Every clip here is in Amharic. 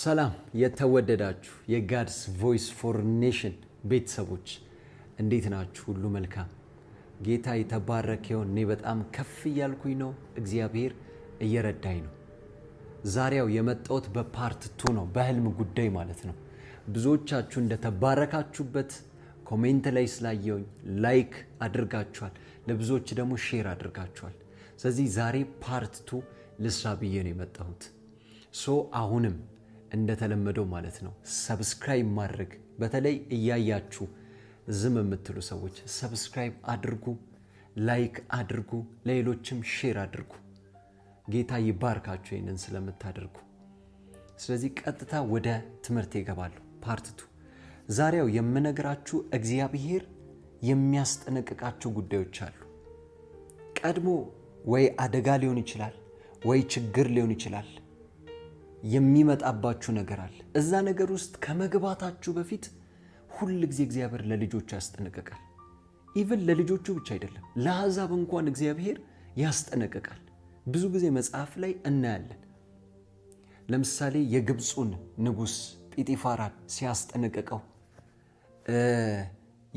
ሰላም የተወደዳችሁ የጋድስ ቮይስ ፎር ኔሽን ቤተሰቦች እንዴት ናችሁ? ሁሉ መልካም? ጌታ የተባረከ ይሁን። እኔ በጣም ከፍ እያልኩኝ ነው፣ እግዚአብሔር እየረዳኝ ነው። ዛሬው የመጣሁት በፓርት ቱ ነው፣ በህልም ጉዳይ ማለት ነው። ብዙዎቻችሁ እንደተባረካችሁበት ኮሜንት ላይ ስላየውኝ ላይክ አድርጋችኋል፣ ለብዙዎች ደግሞ ሼር አድርጋችኋል። ስለዚህ ዛሬ ፓርት ቱ ልስራ ብዬ ነው የመጣሁት ሶ አሁንም እንደተለመደው ማለት ነው ሰብስክራይብ ማድረግ በተለይ እያያችሁ ዝም የምትሉ ሰዎች ሰብስክራይብ አድርጉ፣ ላይክ አድርጉ፣ ለሌሎችም ሼር አድርጉ። ጌታ ይባርካችሁ ይህንን ስለምታደርጉ። ስለዚህ ቀጥታ ወደ ትምህርት ይገባሉ። ፓርትቱ ዛሬው የምነግራችሁ እግዚአብሔር የሚያስጠነቅቃችሁ ጉዳዮች አሉ። ቀድሞ ወይ አደጋ ሊሆን ይችላል፣ ወይ ችግር ሊሆን ይችላል የሚመጣባችሁ ነገር አለ። እዛ ነገር ውስጥ ከመግባታችሁ በፊት ሁል ጊዜ እግዚአብሔር ለልጆቹ ያስጠነቅቃል። ኢቭን ለልጆቹ ብቻ አይደለም፣ ለአሕዛብ እንኳን እግዚአብሔር ያስጠነቅቃል። ብዙ ጊዜ መጽሐፍ ላይ እናያለን። ለምሳሌ የግብፁን ንጉሥ ጲጢፋራን ሲያስጠነቅቀው፣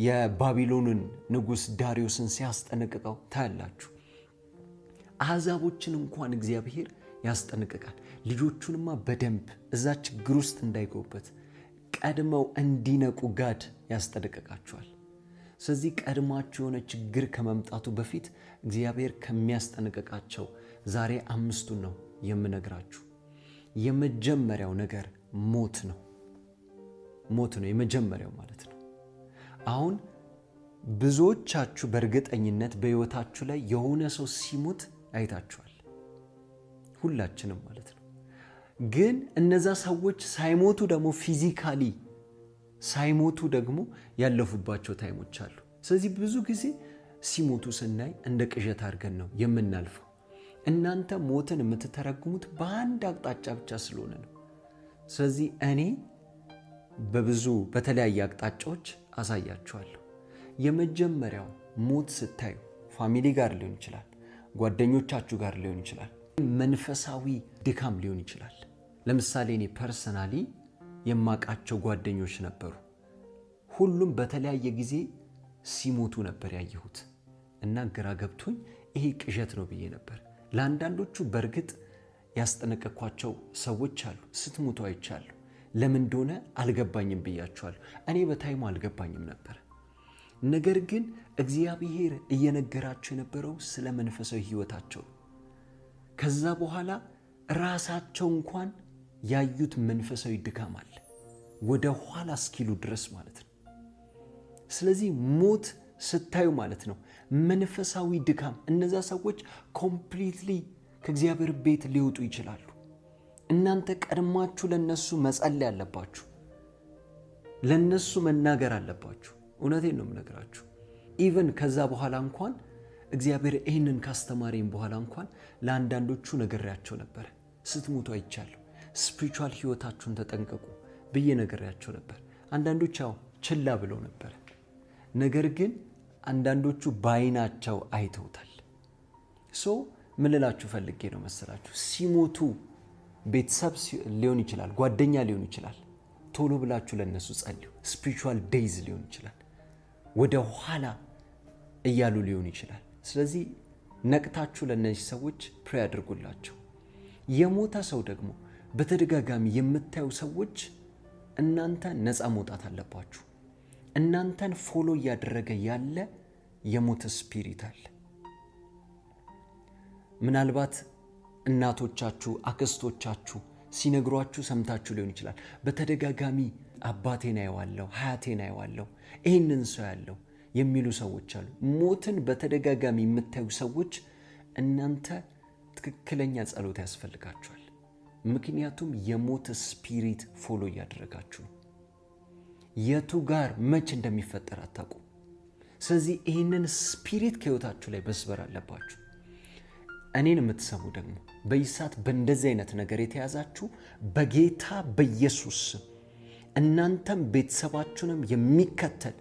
የባቢሎንን ንጉሥ ዳሪዮስን ሲያስጠነቅቀው ታያላችሁ። አሕዛቦችን እንኳን እግዚአብሔር ያስጠነቅቃል። ልጆቹንማ በደንብ እዛ ችግር ውስጥ እንዳይገቡበት ቀድመው እንዲነቁ ጋድ ያስጠነቅቃቸዋል። ስለዚህ ቀድማችሁ የሆነ ችግር ከመምጣቱ በፊት እግዚአብሔር ከሚያስጠነቅቃቸው ዛሬ አምስቱን ነው የምነግራችሁ። የመጀመሪያው ነገር ሞት ነው። ሞት ነው የመጀመሪያው ማለት ነው። አሁን ብዙዎቻችሁ በእርግጠኝነት በሕይወታችሁ ላይ የሆነ ሰው ሲሞት አይታችኋል። ሁላችንም ማለት ነው። ግን እነዛ ሰዎች ሳይሞቱ ደግሞ ፊዚካሊ ሳይሞቱ ደግሞ ያለፉባቸው ታይሞች አሉ። ስለዚህ ብዙ ጊዜ ሲሞቱ ስናይ እንደ ቅዠት አድርገን ነው የምናልፈው። እናንተ ሞትን የምትተረጉሙት በአንድ አቅጣጫ ብቻ ስለሆነ ነው። ስለዚህ እኔ በብዙ በተለያየ አቅጣጫዎች አሳያችኋለሁ። የመጀመሪያው ሞት ስታዩ ፋሚሊ ጋር ሊሆን ይችላል፣ ጓደኞቻችሁ ጋር ሊሆን ይችላል፣ መንፈሳዊ ድካም ሊሆን ይችላል። ለምሳሌ እኔ ፐርሰናሊ የማቃቸው ጓደኞች ነበሩ። ሁሉም በተለያየ ጊዜ ሲሞቱ ነበር ያየሁት እና ግራ ገብቶኝ ይሄ ቅዠት ነው ብዬ ነበር። ለአንዳንዶቹ በእርግጥ ያስጠነቀኳቸው ሰዎች አሉ። ስትሞቱ አይቻሉ ለምን እንደሆነ አልገባኝም ብያቸዋሉ እኔ በታይሙ አልገባኝም ነበር። ነገር ግን እግዚአብሔር እየነገራቸው የነበረው ስለ መንፈሳዊ ህይወታቸው ከዛ በኋላ ራሳቸው እንኳን ያዩት መንፈሳዊ ድካም አለ ወደ ኋላ እስኪሉ ድረስ ማለት ነው። ስለዚህ ሞት ስታዩ ማለት ነው መንፈሳዊ ድካም። እነዛ ሰዎች ኮምፕሊትሊ ከእግዚአብሔር ቤት ሊወጡ ይችላሉ። እናንተ ቀድማችሁ ለነሱ መጸለይ አለባችሁ። ለነሱ መናገር አለባችሁ። እውነቴን ነው የምነግራችሁ። ኢቨን ከዛ በኋላ እንኳን እግዚአብሔር ይህንን ካስተማሪም በኋላ እንኳን ለአንዳንዶቹ ነግሬያቸው ነበረ ስትሞቱ አይቻለሁ ስፕሪቹዋል ህይወታችሁን ተጠንቀቁ ብዬ ነገርያቸው ነበር። አንዳንዶች ያው ችላ ብለው ነበር። ነገር ግን አንዳንዶቹ በአይናቸው አይተውታል። ሶ ምን ፈልጌ ነው መሰላችሁ? ሲሞቱ ቤተሰብ ሊሆን ይችላል፣ ጓደኛ ሊሆን ይችላል። ቶሎ ብላችሁ ለነሱ ጸልዩ። ስፒሪቹዋል ዴይዝ ሊሆን ይችላል፣ ወደ ኋላ እያሉ ሊሆን ይችላል። ስለዚህ ነቅታችሁ ለእነዚህ ሰዎች ፕሬ አድርጉላቸው። የሞተ ሰው ደግሞ በተደጋጋሚ የምታዩ ሰዎች እናንተ ነፃ መውጣት አለባችሁ። እናንተን ፎሎ እያደረገ ያለ የሞት ስፒሪት አለ። ምናልባት እናቶቻችሁ፣ አክስቶቻችሁ ሲነግሯችሁ ሰምታችሁ ሊሆን ይችላል። በተደጋጋሚ አባቴን አየዋለሁ፣ ሀያቴን አየዋለሁ፣ ይህንን ሰው ያለው የሚሉ ሰዎች አሉ። ሞትን በተደጋጋሚ የምታዩ ሰዎች እናንተ ትክክለኛ ጸሎት ያስፈልጋችኋል። ምክንያቱም የሞት ስፒሪት ፎሎ እያደረጋችሁ የቱ ጋር መች እንደሚፈጠር አታቁ ስለዚህ ይህንን ስፒሪት ከህይወታችሁ ላይ መስበር አለባችሁ። እኔን የምትሰሙ ደግሞ በይሳት በእንደዚህ አይነት ነገር የተያዛችሁ በጌታ በኢየሱስ እናንተም ቤተሰባችሁንም የሚከተል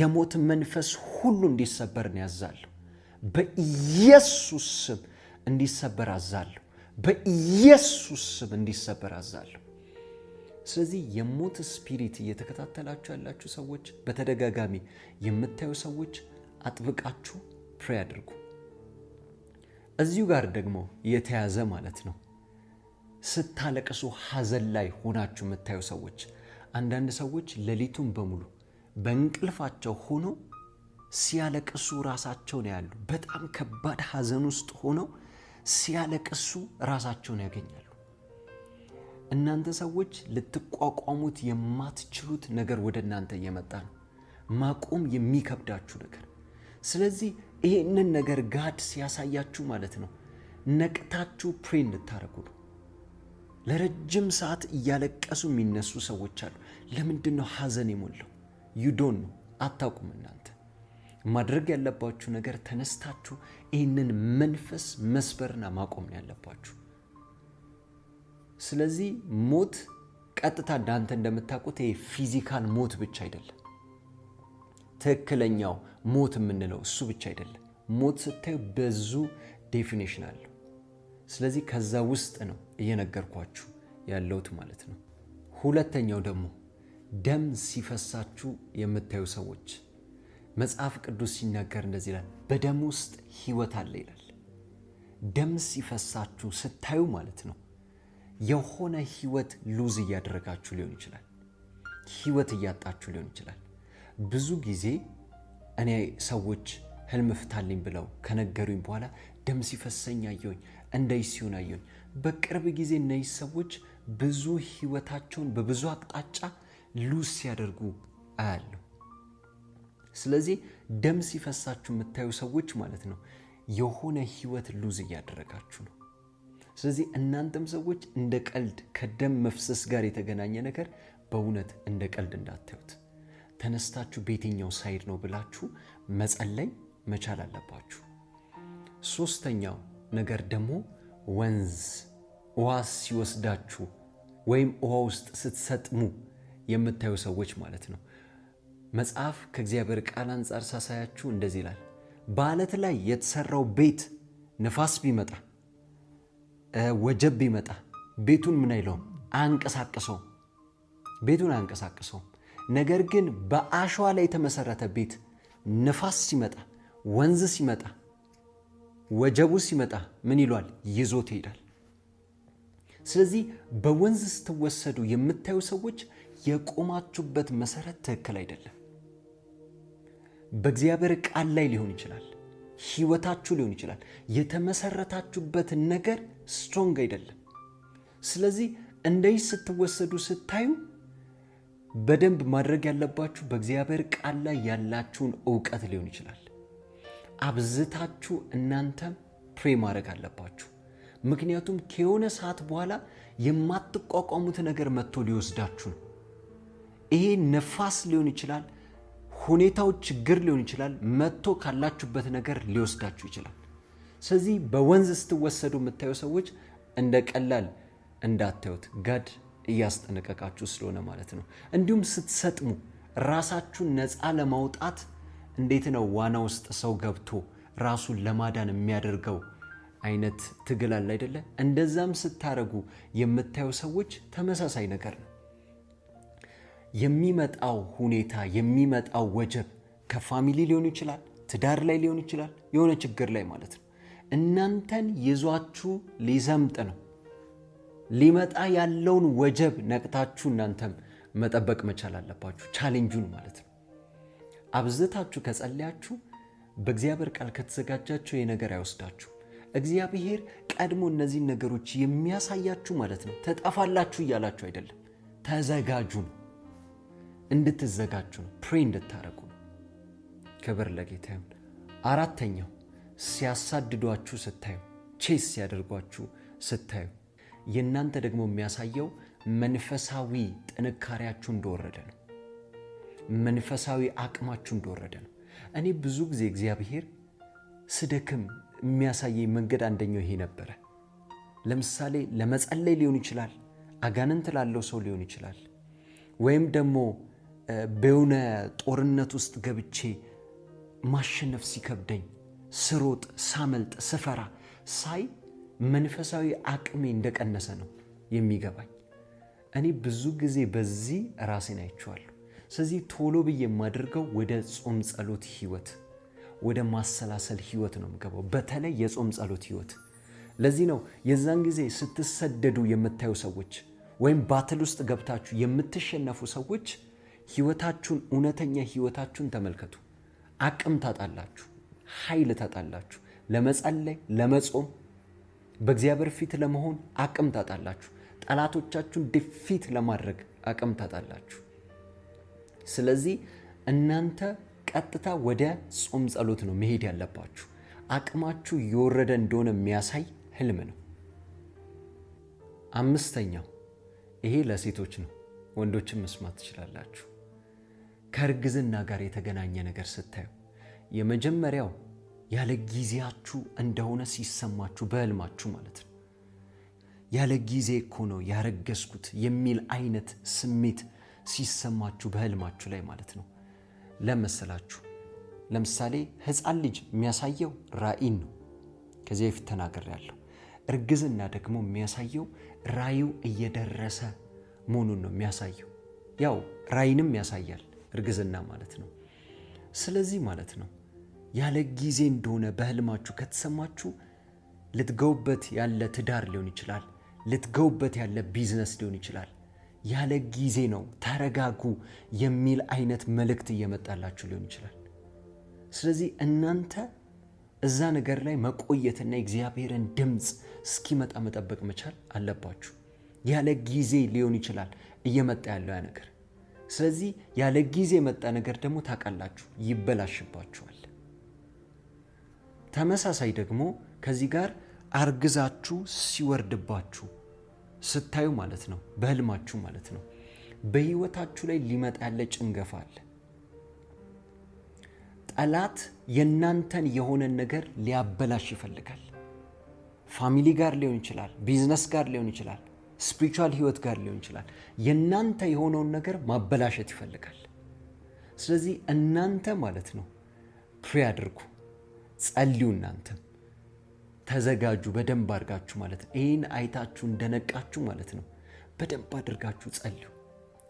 የሞት መንፈስ ሁሉ እንዲሰበር ያዛለሁ። በኢየሱስ ስም እንዲሰበር አዛለሁ። በኢየሱስ ስም እንዲሰበር አዛለሁ። ስለዚህ የሞት ስፒሪት እየተከታተላችሁ ያላችሁ ሰዎች፣ በተደጋጋሚ የምታዩ ሰዎች አጥብቃችሁ ፕሬ አድርጉ። እዚሁ ጋር ደግሞ የተያዘ ማለት ነው ስታለቅሱ ሀዘን ላይ ሆናችሁ የምታዩ ሰዎች፣ አንዳንድ ሰዎች ሌሊቱን በሙሉ በእንቅልፋቸው ሆነው ሲያለቅሱ ራሳቸውን ያሉ በጣም ከባድ ሀዘን ውስጥ ሆነው ሲያለቅሱ ራሳቸውን ያገኛሉ። እናንተ ሰዎች ልትቋቋሙት የማትችሉት ነገር ወደ እናንተ እየመጣ ነው፣ ማቆም የሚከብዳችሁ ነገር። ስለዚህ ይህንን ነገር ጋድ ሲያሳያችሁ ማለት ነው ነቅታችሁ ፕሬ እንድታደርጉ ነው። ለረጅም ሰዓት እያለቀሱ የሚነሱ ሰዎች አሉ። ለምንድን ነው ሐዘን የሞላው? ዩዶን ነው አታውቁም እናንተ ማድረግ ያለባችሁ ነገር ተነስታችሁ ይህንን መንፈስ መስበርና ማቆም ነው ያለባችሁ። ስለዚህ ሞት ቀጥታ እንዳንተ እንደምታውቁት ይሄ ፊዚካል ሞት ብቻ አይደለም። ትክክለኛው ሞት የምንለው እሱ ብቻ አይደለም። ሞት ስታዩ ብዙ ዴፊኒሽን አለው። ስለዚህ ከዛ ውስጥ ነው እየነገርኳችሁ ያለውት ማለት ነው። ሁለተኛው ደግሞ ደም ሲፈሳችሁ የምታዩ ሰዎች መጽሐፍ ቅዱስ ሲናገር እንደዚህ ይላል፣ በደም ውስጥ ህይወት አለ ይላል። ደም ሲፈሳችሁ ስታዩ ማለት ነው የሆነ ህይወት ሉዝ እያደረጋችሁ ሊሆን ይችላል። ህይወት እያጣችሁ ሊሆን ይችላል። ብዙ ጊዜ እኔ ሰዎች ህልም ፍታልኝ ብለው ከነገሩኝ በኋላ ደም ሲፈሰኝ አየሁኝ፣ እንደዚህ ሲሆን አየሁኝ። በቅርብ ጊዜ እነዚህ ሰዎች ብዙ ህይወታቸውን በብዙ አቅጣጫ ሉዝ ሲያደርጉ አያለሁ። ስለዚህ ደም ሲፈሳችሁ የምታዩ ሰዎች ማለት ነው የሆነ ህይወት ሉዝ እያደረጋችሁ ነው። ስለዚህ እናንተም ሰዎች እንደ ቀልድ ከደም መፍሰስ ጋር የተገናኘ ነገር በእውነት እንደ ቀልድ እንዳታዩት፣ ተነስታችሁ በየትኛው ሳይድ ነው ብላችሁ መጸለይ መቻል አለባችሁ። ሶስተኛው ነገር ደግሞ ወንዝ ውሃ ሲወስዳችሁ ወይም ውሃ ውስጥ ስትሰጥሙ የምታዩ ሰዎች ማለት ነው መጽሐፍ ከእግዚአብሔር ቃል አንጻር ሳሳያችሁ እንደዚህ ይላል፣ በአለት ላይ የተሰራው ቤት ነፋስ ቢመጣ ወጀብ ቢመጣ ቤቱን ምን አይለውም አንቀሳቅሰውም፣ ቤቱን አንቀሳቅሰውም። ነገር ግን በአሸዋ ላይ የተመሰረተ ቤት ነፋስ ሲመጣ፣ ወንዝ ሲመጣ፣ ወጀቡ ሲመጣ ምን ይሏል? ይዞት ይሄዳል። ስለዚህ በወንዝ ስትወሰዱ የምታዩ ሰዎች የቆማችሁበት መሰረት ትክክል አይደለም። በእግዚአብሔር ቃል ላይ ሊሆን ይችላል፣ ህይወታችሁ ሊሆን ይችላል። የተመሰረታችሁበትን ነገር ስትሮንግ አይደለም። ስለዚህ እንደዚህ ስትወሰዱ ስታዩ በደንብ ማድረግ ያለባችሁ በእግዚአብሔር ቃል ላይ ያላችሁን እውቀት ሊሆን ይችላል። አብዝታችሁ እናንተም ፕሬ ማድረግ አለባችሁ። ምክንያቱም ከሆነ ሰዓት በኋላ የማትቋቋሙት ነገር መጥቶ ሊወስዳችሁ ነው። ይሄ ነፋስ ሊሆን ይችላል ሁኔታው ችግር ሊሆን ይችላል፣ መጥቶ ካላችሁበት ነገር ሊወስዳችሁ ይችላል። ስለዚህ በወንዝ ስትወሰዱ የምታዩ ሰዎች እንደ ቀላል እንዳታዩት ጋድ እያስጠነቀቃችሁ ስለሆነ ማለት ነው። እንዲሁም ስትሰጥሙ ራሳችሁን ነፃ ለማውጣት እንዴት ነው ዋና ውስጥ ሰው ገብቶ ራሱን ለማዳን የሚያደርገው አይነት ትግል አለ አይደለ? እንደዛም ስታረጉ የምታዩ ሰዎች ተመሳሳይ ነገር ነው። የሚመጣው ሁኔታ የሚመጣው ወጀብ ከፋሚሊ ሊሆን ይችላል፣ ትዳር ላይ ሊሆን ይችላል፣ የሆነ ችግር ላይ ማለት ነው። እናንተን ይዟችሁ ሊዘምጥ ነው። ሊመጣ ያለውን ወጀብ ነቅታችሁ እናንተም መጠበቅ መቻል አለባችሁ። ቻሌንጁን ማለት ነው። አብዝታችሁ ከጸለያችሁ በእግዚአብሔር ቃል ከተዘጋጃችሁ የነገር ነገር አይወስዳችሁ። እግዚአብሔር ቀድሞ እነዚህን ነገሮች የሚያሳያችሁ ማለት ነው። ተጠፋላችሁ እያላችሁ አይደለም፣ ተዘጋጁ ነው። እንድትዘጋጁ ነው። ፕሬ እንድታረጉ ነው። ክብር ለጌታ ይሁን። አራተኛው ሲያሳድዷችሁ ስታዩ፣ ቼስ ሲያደርጓችሁ ስታዩ የእናንተ ደግሞ የሚያሳየው መንፈሳዊ ጥንካሬያችሁ እንደወረደ ነው። መንፈሳዊ አቅማችሁ እንደወረደ ነው። እኔ ብዙ ጊዜ እግዚአብሔር ስደክም የሚያሳየኝ መንገድ አንደኛው ይሄ ነበረ። ለምሳሌ ለመጸለይ ሊሆን ይችላል፣ አጋንንት ላለው ሰው ሊሆን ይችላል፣ ወይም ደግሞ በሆነ ጦርነት ውስጥ ገብቼ ማሸነፍ ሲከብደኝ ስሮጥ፣ ሳመልጥ፣ ስፈራ ሳይ መንፈሳዊ አቅሜ እንደቀነሰ ነው የሚገባኝ። እኔ ብዙ ጊዜ በዚህ ራሴን አይቼዋለሁ። ስለዚህ ቶሎ ብዬ የማደርገው ወደ ጾም ጸሎት ህይወት፣ ወደ ማሰላሰል ህይወት ነው የምገባው፣ በተለይ የጾም ጸሎት ህይወት። ለዚህ ነው የዛን ጊዜ ስትሰደዱ የምታዩ ሰዎች ወይም ባትል ውስጥ ገብታችሁ የምትሸነፉ ሰዎች ህይወታችሁን እውነተኛ ህይወታችሁን ተመልከቱ። አቅም ታጣላችሁ፣ ኃይል ታጣላችሁ። ለመጸለይ፣ ለመጾም፣ በእግዚአብሔር ፊት ለመሆን አቅም ታጣላችሁ። ጠላቶቻችሁን ድፊት ለማድረግ አቅም ታጣላችሁ። ስለዚህ እናንተ ቀጥታ ወደ ጾም ጸሎት ነው መሄድ ያለባችሁ። አቅማችሁ እየወረደ እንደሆነ የሚያሳይ ህልም ነው። አምስተኛው ይሄ ለሴቶች ነው። ወንዶችን መስማት ትችላላችሁ። ከእርግዝና ጋር የተገናኘ ነገር ስታዩ የመጀመሪያው ያለ ጊዜያችሁ እንደሆነ ሲሰማችሁ በህልማችሁ ማለት ነው። ያለ ጊዜ እኮ ነው ያረገዝኩት የሚል አይነት ስሜት ሲሰማችሁ በህልማችሁ ላይ ማለት ነው። ለመሰላችሁ ለምሳሌ ህፃን ልጅ የሚያሳየው ራእይን ነው። ከዚህ በፊት ያለው እርግዝና ደግሞ የሚያሳየው ራእዩ እየደረሰ መሆኑን ነው የሚያሳየው። ያው ራእይንም ያሳያል እርግዝና ማለት ነው። ስለዚህ ማለት ነው ያለ ጊዜ እንደሆነ በህልማችሁ ከተሰማችሁ ልትገውበት ያለ ትዳር ሊሆን ይችላል፣ ልትገውበት ያለ ቢዝነስ ሊሆን ይችላል። ያለ ጊዜ ነው ተረጋጉ የሚል አይነት መልእክት እየመጣላችሁ ሊሆን ይችላል። ስለዚህ እናንተ እዛ ነገር ላይ መቆየትና የእግዚአብሔርን ድምፅ እስኪመጣ መጠበቅ መቻል አለባችሁ። ያለ ጊዜ ሊሆን ይችላል እየመጣ ያለው ያ ነገር ስለዚህ ያለ ጊዜ የመጣ ነገር ደግሞ ታውቃላችሁ ይበላሽባችኋል። ተመሳሳይ ደግሞ ከዚህ ጋር አርግዛችሁ ሲወርድባችሁ ስታዩ ማለት ነው፣ በህልማችሁ ማለት ነው። በህይወታችሁ ላይ ሊመጣ ያለ ጭንገፋ አለ። ጠላት የእናንተን የሆነን ነገር ሊያበላሽ ይፈልጋል። ፋሚሊ ጋር ሊሆን ይችላል፣ ቢዝነስ ጋር ሊሆን ይችላል ስፒሪቹዋል ህይወት ጋር ሊሆን ይችላል። የእናንተ የሆነውን ነገር ማበላሸት ይፈልጋል። ስለዚህ እናንተ ማለት ነው ፕሬ አድርጉ፣ ጸልዩ፣ እናንተም ተዘጋጁ በደንብ አድርጋችሁ ማለት ነው። ይህን አይታችሁ እንደነቃችሁ ማለት ነው በደንብ አድርጋችሁ ጸልዩ።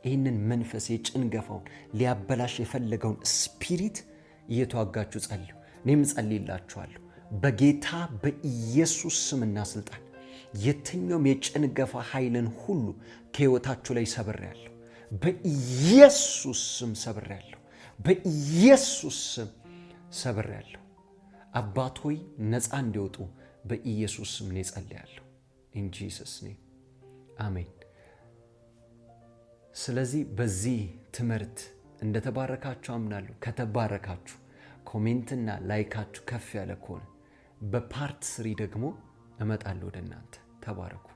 ይህንን መንፈስ የጭንገፋውን ሊያበላሽ የፈለገውን ስፒሪት እየተዋጋችሁ ጸልዩ። እኔም ጸልይላችኋለሁ በጌታ በኢየሱስ ስምና ስልጣን የትኛውም የጭንገፋ ኃይልን ሁሉ ከሕይወታችሁ ላይ ሰብሬያለሁ። በኢየሱስ ስም ሰብሬያለሁ። በኢየሱስ ስም ሰብሬያለሁ። አባት ሆይ ነፃ እንዲወጡ በኢየሱስ ስም እኔ ጸልያለሁ። ኢን ጂሰስ ኔም አሜን። ስለዚህ በዚህ ትምህርት እንደተባረካችሁ አምናለሁ። ከተባረካችሁ ኮሜንትና ላይካችሁ ከፍ ያለ ከሆነ በፓርት ስሪ ደግሞ እመጣለሁ ወደ እናንተ። ተባረኩ።